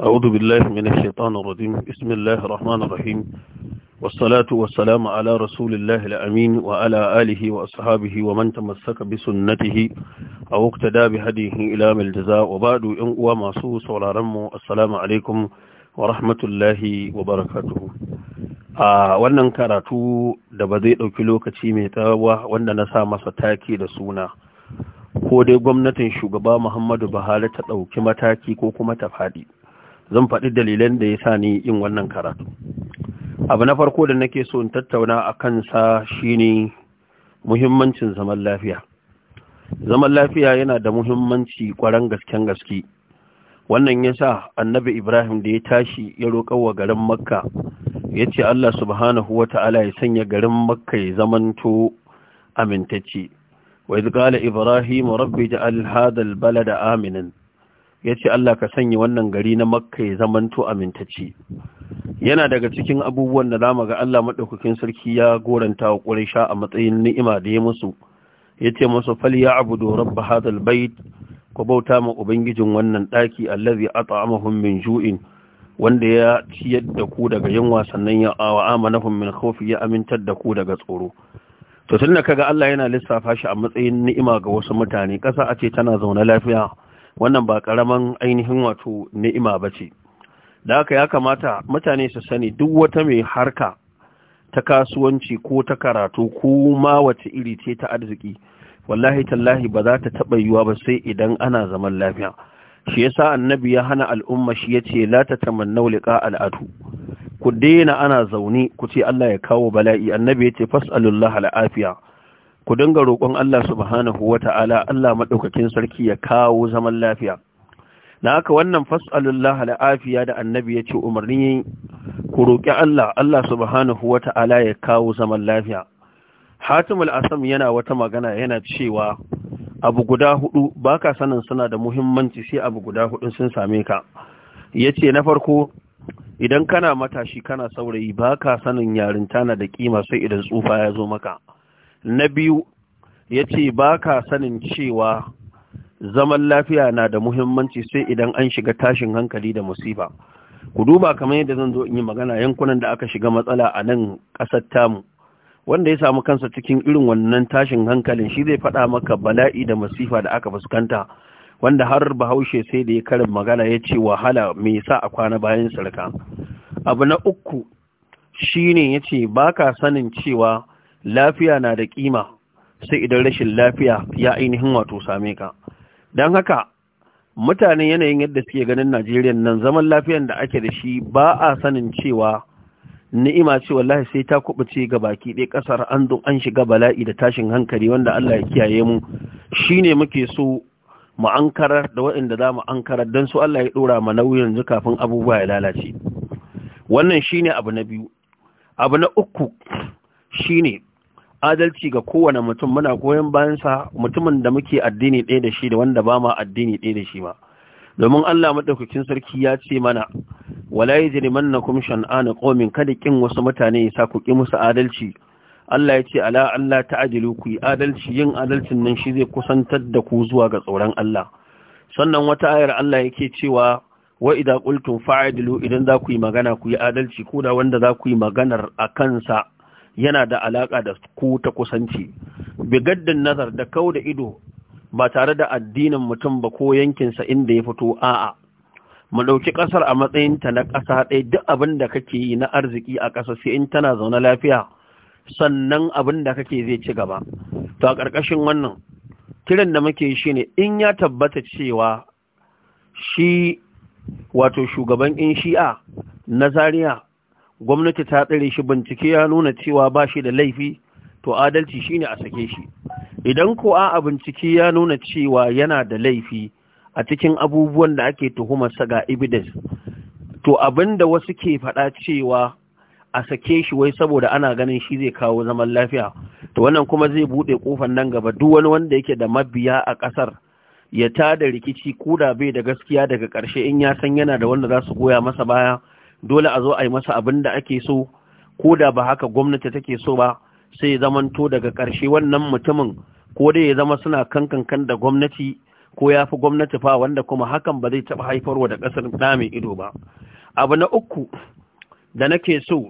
أعوذ بالله من الشيطان الرجيم بسم الله الرحمن الرحيم والصلاة والسلام على رسول الله الأمين وعلى آله وأصحابه ومن تمسك بسنته أو اقتدى بهديه إلى الجزاء وبعد إنقوى معصوص ولا رمو السلام عليكم ورحمة الله وبركاته a wannan karatu da ba zai ɗauki lokaci mai tsawa wanda na sa masa taki da suna ko dai gwamnatin shugaba muhammadu buhari ta ɗauki mataki ko kuma ta faɗi zan faɗi dalilan da ya sa ni yin wannan karatu abu na farko da nake so in tattauna a kansa shine muhimmancin zaman lafiya zaman lafiya yana da muhimmanci kwaran gasken gaske wannan ya sa annabi ibrahim da ya tashi ya roƙa wa garin makka ya ce allah subhanahu wa ta'ala ya sanya garin makka ya zamanto amintacce wa iz qala ibrahim rabbi da alhadar balada ya ce Allah ka sanya wannan gari na makka ya zamanto amintacce yana daga cikin abubuwan da zamu ga Allah maɗaukakin sarki ya goranta wa ƙuraisha a matsayin ni'ima da ya musu ya ce musu fal ya abudu rabb hadal bait ku bauta ma ubangijin wannan ɗaki allazi at'amahum min ju'in wanda ya ciyar da ku daga yunwa sannan ya awa amanahum min khawfi ya amintar da ku daga tsoro to tunda kaga Allah yana lissafa shi a matsayin ni'ima ga wasu mutane ƙasa a ce tana zaune lafiya wannan ba ƙaramin ainihin wato ni'ima ba ce da haka ya kamata mutane su sani duk wata mai harka ta kasuwanci ko ta karatu ko ma wace iri ce ta arziki wallahi tallahi ba za ta taɓa yiwa ba sai idan ana zaman lafiya shi yasa annabi ya hana al'umma shi yace la tatamannau liqa al'adu ku daina ana zaune ku ce Allah ya kawo bala'i annabi yace fasalullah al'afiya ku dinga roƙon Allah subhanahu ta'ala Allah madaukakin sarki ya kawo zaman lafiya na haka wannan fas'alullah al'afiya da annabi ya ce umarni ku roƙi Allah Allah subhanahu ta'ala ya kawo zaman lafiya Hatimul Asam yana wata magana yana cewa abu guda hudu baka sanin suna da muhimmanci sai abu guda hudu sun same ka yace na farko idan kana matashi kana saurayi baka sanin yarinta na da kima sai idan tsufa ya zo maka na biyu ya ce ba ka sanin cewa zaman lafiya na da muhimmanci sai idan an shiga tashin hankali da musiba ku duba kamar yadda zan zo in yi magana yankunan da aka shiga matsala a nan ƙasar tamu wanda ya samu kansa cikin irin wannan tashin hankalin shi zai faɗa maka bala'i da masifa da aka fuskanta wanda har bahaushe sai da ya karin magana ya ce wahala mai sa a kwana bayan sarka abu na uku shine ya ce ba ka sanin cewa lafiya na da ƙima sai idan rashin lafiya ya ainihin wato same ka don haka mutane yanayin yadda suke ganin najeriya nan zaman lafiyan da ake da shi ba a sanin cewa ni'ima ce wallahi sai ta kubuce ga baki ɗaya ƙasar an zo an shiga bala'i da tashin hankali wanda Allah ya kiyaye mu shine muke so mu ankarar da waɗanda za mu ankarar don su Allah ya ɗora ma nauyin yanzu kafin abubuwa ya lalace wannan shine abu na biyu abu na uku shine adalci ga kowane mutum muna goyon bayansa mutumin da muke addini ɗaya da shi da wanda ba ma addini ɗaya da shi ba domin Allah madaukakin sarki ya ce mana wala yajrimannakum shan'anu qaumin kada kin wasu mutane ya sa ku ki musu adalci Allah ya ce ala Allah ta'dilu ku yi adalci yin adalcin nan shi zai kusantar da ku zuwa ga tsoron Allah sannan wata ayar Allah yake cewa wa idza qultum fa'dilu idan za ku yi magana ku yi adalci ko da wanda za ku yi maganar a kansa yana da alaƙa da ku ta kusanci bigaddin nazar da kau da ido ba tare da addinin mutum ba ko yankinsa inda ya fito a'a mu ɗauki ƙasar a matsayinta na ƙasa ɗaya duk abin da kake yi na arziki a ƙasa sai in tana zaune lafiya sannan abin da kake zai ci gaba to a ƙarƙashin wannan kiran da muke shi ne in ya tabbata cewa shi wato shugaban in shi'a na Zariya. gwamnati ta tsare shi bincike ya nuna cewa ba shi da laifi to adalci shine a sake shi idan ko a bincike ya nuna cewa yana da laifi a cikin abubuwan da ake tuhumar sa ga evidence to abinda wasu ke faɗa cewa a sake shi wai saboda ana ganin shi zai kawo zaman lafiya to wannan kuma zai buɗe ƙofar nan gaba duk wani wanda yake da mabiya a ƙasar ya tada rikici ko da bai da gaskiya daga ƙarshe in ya san yana da wanda za su goya masa baya dole a zo a yi masa abin da ake so ko da ba haka gwamnati take so ba sai zamanto daga ƙarshe wannan mutumin ko dai ya zama suna kankan da gwamnati ko ya fi gwamnati fa wanda kuma hakan ba zai taɓa haifarwa da ƙasar ɗa mai ido ba abu na uku da nake so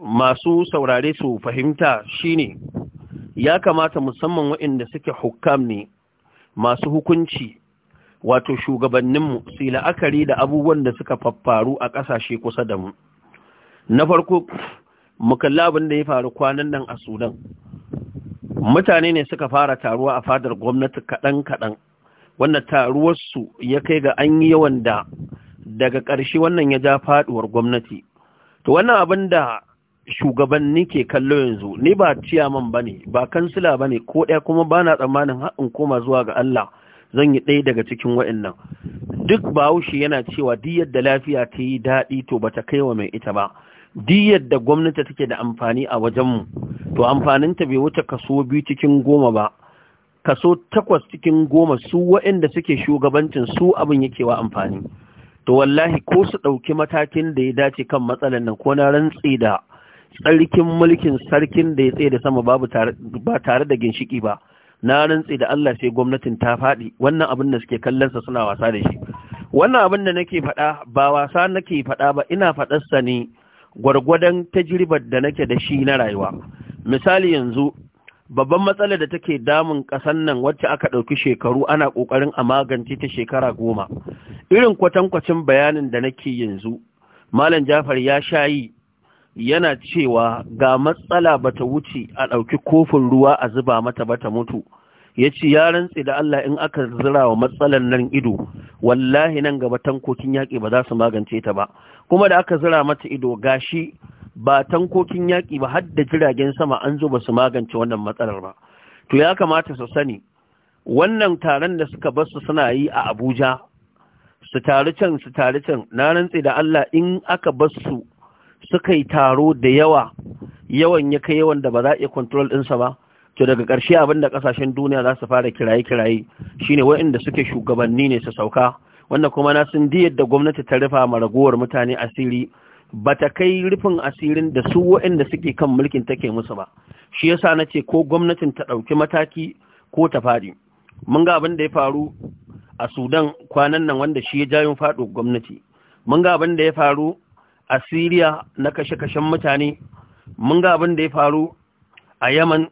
masu saurare su fahimta shine ya kamata musamman waɗanda suke hukam ne masu hukunci wato shugabanninmu su yi la'akari da abubuwan da suka faffaru a ƙasashe kusa da mu na farko mu kalli abin da ya faru kwanan nan a sudan mutane ne suka fara taruwa a fadar gwamnati kaɗan-kaɗan wanda taruwarsu ya kai ga an yi yawan da daga ƙarshe wannan ya ja faɗuwar gwamnati to wannan abin da shugabanni ke kallo yanzu ni ba ciyaman ba ne ba kansila ba ne ko ɗaya kuma ba na tsammanin haɗin koma zuwa ga Allah zan yi ɗaya daga cikin wa'annan duk bahaushe yana cewa diyar da lafiya ta yi daɗi to bata kai wa mai ita ba diyar da gwamnati take da amfani a wajenmu to amfaninta bai wuce kaso biyu cikin goma ba kaso takwas cikin goma su waɗanda suke shugabancin su abin yake wa amfani to wallahi ko su ɗauki matakin da ya dace kan matsalar nan ko na rantsi da tsarkin mulkin sarkin da ya tsaye da sama ba tare da ginshiki ba na rantse da Allah sai gwamnatin ta faɗi wannan abin da suke kallonsa suna wasa da shi wannan abin da nake faɗa ba wasa nake faɗa ba ina faɗarsa ne gwargwadon tajribar da nake da shi na rayuwa misali yanzu babban matsalar da take damun ƙasan nan wacce aka ɗauki shekaru ana ƙoƙarin a magance ta shekara goma irin kwatankwacin bayanin da nake yanzu malam jafar ya sha yi. yana cewa ga matsala bata wuce a ɗauki kofin ruwa a zuba mata bata mutu ya ce ya rantse da Allah in aka zira wa matsalan nan ido wallahi nan gaba tankokin yaƙi ba za su magance ta ba kuma da aka zira mata ido gashi ba tankokin yaƙi ba har da jiragen sama an zo ba su magance wannan matsalar ba to ya kamata su sani wannan taron da suka bar su suna yi a Abuja su taru can su taru can na rantse da Allah in aka bar su suka yi taro da yawa yawan ya kai yawan da ba za a iya kontrol ɗinsa ba to daga ƙarshe abin da ƙasashen duniya za su fara kiraye-kiraye shine waɗanda suke shugabanni ne su sauka wanda kuma na sun diyar yadda gwamnati ta rufa ma ragowar mutane asiri ba ta kai rufin asirin da su waɗanda suke kan mulkin take musu ba shi yasa na ce ko gwamnatin ta ɗauki mataki ko ta faɗi mun ga abin da ya faru a sudan kwanan nan wanda shi ya jayin faɗo gwamnati mun ga abin da ya faru a na kashe-kashen mutane mun ga abin da ya faru a Yaman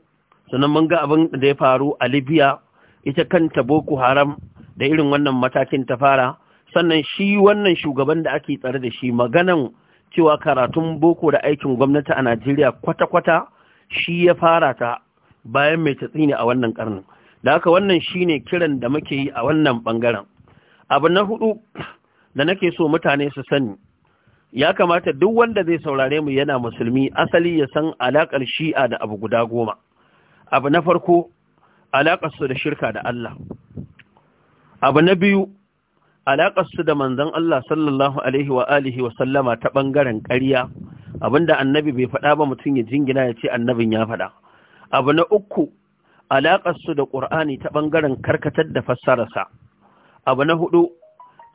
sannan mun ga abin da ya faru a Libya ita kanta Boko Haram da irin wannan matakin ta fara sannan shi wannan shugaban da ake tsare da shi maganan cewa karatun boko da aikin gwamnati a Najeriya kwata-kwata shi ya fara ta bayan mai tatsi ne a wannan karnin da haka wannan shi ne kiran da muke yi a wannan bangaren abu na hudu da nake so mutane su sani ya kamata duk wanda zai saurare mu yana musulmi asali ya san alaƙar shi'a da abu guda goma abu na farko alaƙarsu da shirka da Allah abu na biyu alaƙarsu da manzan Allah sallallahu alaihi wa alihi wa sallama ta ɓangaren ƙarya abinda annabi bai faɗa ba mutum ya jingina ya ce annabin ya faɗa abu na uku alaƙarsu da ƙur'ani ta ɓangaren karkatar da fassararsa abu na hudu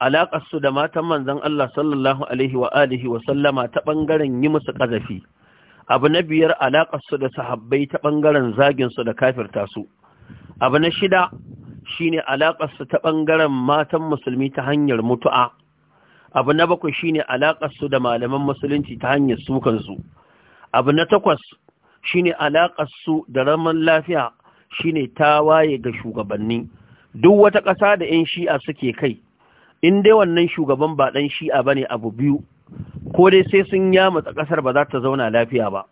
alaƙarsu da matan manzan Allah sallallahu Alaihi wa alihi wa sallama ta ɓangaren yi musu ƙazafi, abu na biyar alaƙarsu da sahabbai ta ɓangaren zaginsu da kafirta su, abu na shida shi ne alaƙarsu ta ɓangaren matan musulmi ta hanyar mutu'a, abu na bakwai shi ne alaƙarsu da malaman musulunci ta hanyar sukansu, abu na takwas shi ne alaƙarsu da raman lafiya shi ne waye ga shugabanni, duk wata ƙasa da ‘yan shi'a suke kai. in dai wannan shugaban ba ɗan shi'a ba ne abu biyu ko dai sai sun matsa ƙasar ba za ta zauna lafiya ba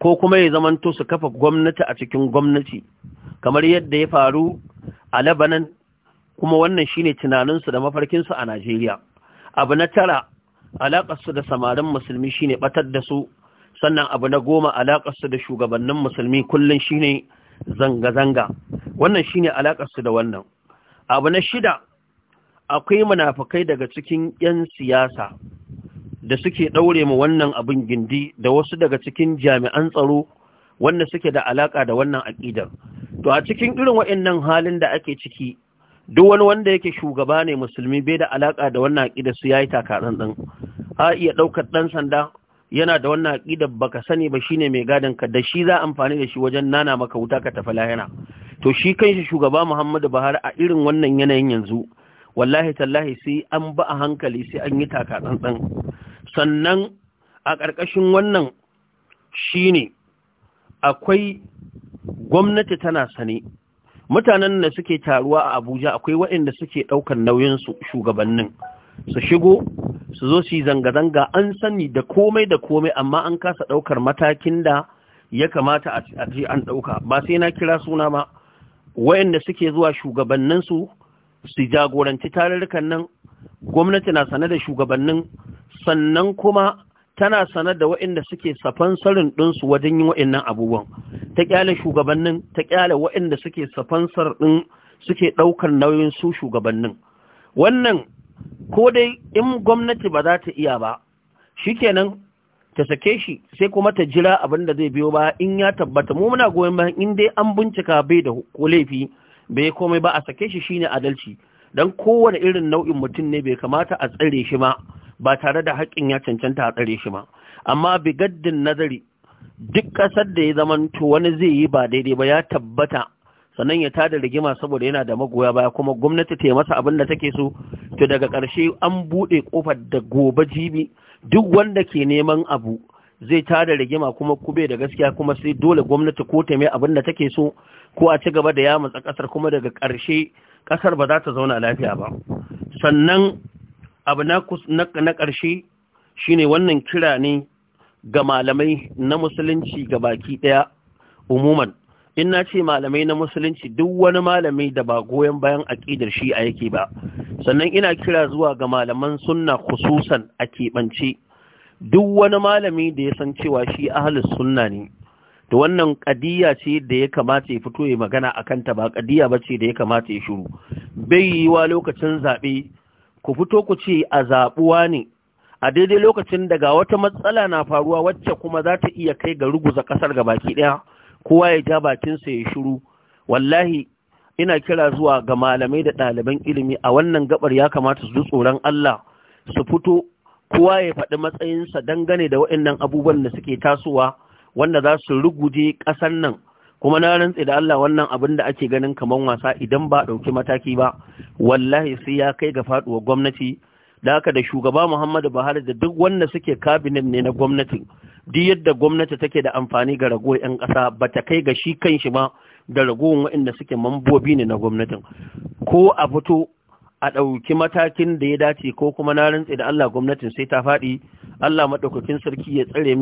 ko kuma ya zamanto su kafa gwamnati a cikin gwamnati kamar yadda ya faru a labanan kuma wannan shine tunaninsu da mafarkinsu a najeriya abu na tara alaƙarsu da samarin musulmi shine batar da su sannan abu na goma alaƙarsu da shugabannin musulmi kullum shine zanga-zanga wannan shine alaƙarsu da wannan abu na shida akwai munafukai daga cikin 'yan siyasa da suke ɗaure mu wannan abin gindi da wasu daga cikin jami'an tsaro wanda suke da alaka da wannan aƙidar. To a cikin irin waɗannan halin da ake ciki, duk wani wanda yake shugaba ne musulmi bai da alaƙa da wannan aqidar su yayi takarar din. A iya ɗaukar ɗan sanda yana da wannan aƙidar baka sani ba shine mai gadon ka da shi za amfani da shi wajen nana maka wuta ka tafi lahira. To shi kanshi shugaba Muhammadu Buhari a irin wannan yanayin yanzu wallahi tallahi sai an ba a hankali sai an yi taka tsantsan sannan a ƙarƙashin wannan shine akwai gwamnati tana sane mutanen da suke taruwa a Abuja akwai waɗanda suke ɗaukar nauyin shugabannin su shigo su zo su zanga-zanga an sani da komai da komai amma an kasa ɗaukar matakin da ya kamata a ce an ɗauka ba sai na kira suna ba waɗanda suke zuwa shugabanninsu su jagoranci tarurrukan nan gwamnati na sane da shugabannin sannan kuma tana sane da waɗanda suke safan sarin ɗinsu wajen yin waɗannan abubuwan ta ƙyale shugabannin ta ƙyale waɗanda suke safan ɗin suke ɗaukar nauyin su shugabannin wannan ko dai in gwamnati ba za ta iya ba shi shikenan ta sake shi sai kuma ta jira abin da zai biyo ba in ya tabbata mu muna goyon bayan in dai an bincika bai da ko laifi bai komai ba a sake shi shine adalci dan kowane irin nau'in mutum ne bai kamata a tsare shi ma ba tare da haƙƙin ya cancanta a tsare shi ma amma gaddin nazari duk ƙasar da ya zamanto wani zai yi ba daidai ba ya tabbata sannan ya tada rigima saboda yana da magoya baya kuma gwamnati ta yi masa abin da take so to daga ƙarshe an buɗe ƙofar da gobe jibi duk wanda ke neman abu zai tada rigima kuma kube da gaskiya kuma sai dole gwamnati ko ta mai abin da take so ko a ci gaba da yamutsa kasar kuma daga ƙarshe kasar ba za ta zauna lafiya ba sannan abu na ƙarshe shine wannan kira ne ga malamai na musulunci ga baki ɗaya umuman in na ce malamai na musulunci duk wani malami da ba goyon bayan aƙidar shi a yake ba sannan ina kira zuwa ga malaman sunna khususan a keɓance duk wani malami da ya san cewa shi ahalus sunna ne Da wannan kadiya ce da ya kamata ya fito ya magana akan ta ba kadiya ce da ya kamata ya shiru bai yi wa lokacin zaɓe. ku fito ku ce a zaɓuwa ne a daidai lokacin daga wata matsala na faruwa wacce kuma za ta iya kai ga ruguza ƙasar ga baki ɗaya? kowa ya ja bakinsa ya shiru wallahi ina kira zuwa ga malamai da ɗaliban ilimi a wannan gabar ya kamata su ji tsoron Allah su fito kowa ya faɗi matsayinsa dangane da waɗannan abubuwan da suke tasowa wanda za su ruguje ƙasan nan kuma na rantse da Allah wannan abin da ake ganin kamar wasa idan ba ɗauki mataki ba wallahi sai ya kai ga faɗuwa gwamnati da haka da shugaba Muhammadu Buhari da duk wanda suke kabinet ne na gwamnati duk yadda gwamnati take da amfani ga ragowar 'yan ƙasa ba ta kai ga shi kanshi ba da ragowar waɗanda suke mambobi ne na gwamnatin ko a fito a ɗauki matakin da ya dace ko kuma na rantse da Allah gwamnatin sai ta faɗi Allah maɗaukakin sarki ya tsare